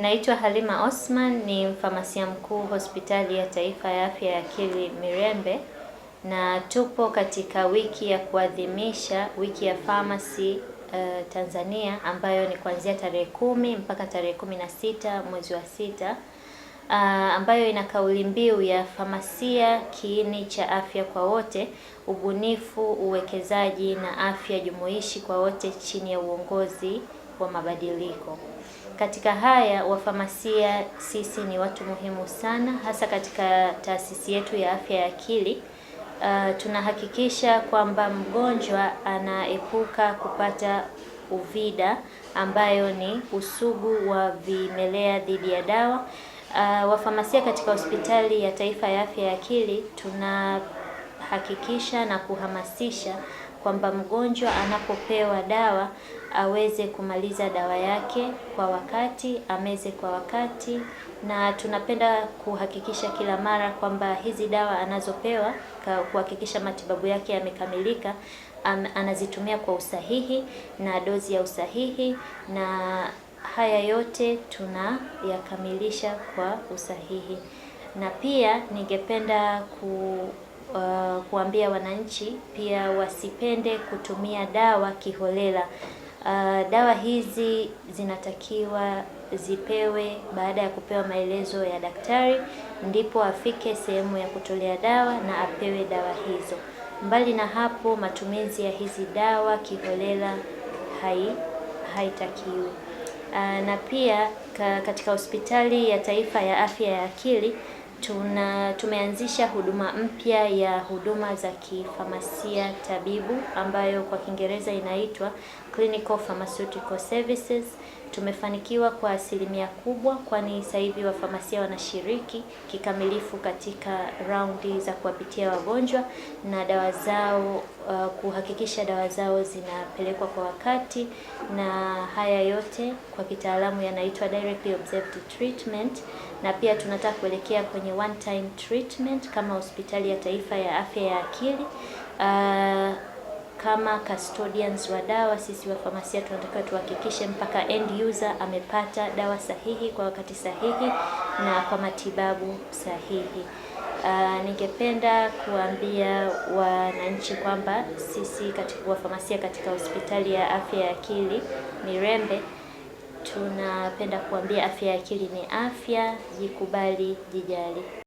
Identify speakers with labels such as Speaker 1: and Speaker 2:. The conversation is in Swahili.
Speaker 1: Naitwa Halima Osman, ni mfamasia mkuu Hospitali ya Taifa ya Afya ya Akili Mirembe, na tupo katika wiki ya kuadhimisha wiki ya pharmacy uh, Tanzania ambayo ni kuanzia tarehe kumi mpaka tarehe kumi na sita mwezi wa sita uh, ambayo ina kauli mbiu ya famasia kiini cha afya kwa wote, ubunifu, uwekezaji na afya jumuishi kwa wote chini ya uongozi wa mabadiliko. Katika haya wafamasia sisi ni watu muhimu sana, hasa katika taasisi yetu ya afya ya akili. Uh, tunahakikisha kwamba mgonjwa anaepuka kupata uvida ambayo ni usugu wa vimelea dhidi ya dawa. Uh, wafamasia katika hospitali ya taifa ya afya ya akili tuna kuhakikisha na kuhamasisha kwamba mgonjwa anapopewa dawa aweze kumaliza dawa yake kwa wakati, ameze kwa wakati, na tunapenda kuhakikisha kila mara kwamba hizi dawa anazopewa kuhakikisha matibabu yake yamekamilika, anazitumia kwa usahihi na dozi ya usahihi, na haya yote tunayakamilisha kwa usahihi. Na pia ningependa ku uh, kuambia wananchi pia wasipende kutumia dawa kiholela. Uh, dawa hizi zinatakiwa zipewe baada ya kupewa maelezo ya daktari, ndipo afike sehemu ya kutolea dawa na apewe dawa hizo. Mbali na hapo, matumizi ya hizi dawa kiholela hai haitakiwi. Uh, na pia ka, katika hospitali ya taifa ya afya ya akili tuna tumeanzisha huduma mpya ya huduma za kifamasia tabibu ambayo kwa Kiingereza inaitwa clinical pharmaceutical services tumefanikiwa kwa asilimia kubwa, kwani sasa hivi wafamasia wanashiriki kikamilifu katika raundi za kuwapitia wagonjwa na dawa zao, uh, kuhakikisha dawa zao zinapelekwa kwa wakati, na haya yote kwa kitaalamu yanaitwa directly observed treatment, na pia tunataka kuelekea kwenye one time treatment kama hospitali ya taifa ya afya ya akili uh, kama custodians wa dawa, sisi famasia tunatakiwa tuhakikishe mpaka end user amepata dawa sahihi kwa wakati sahihi na kwa matibabu sahihi. Uh, ningependa kuambia wananchi kwamba sisi katika wafamasia katika hospitali ya afya ya akili Mirembe tunapenda kuambia afya ya akili ni afya, jikubali, jijali.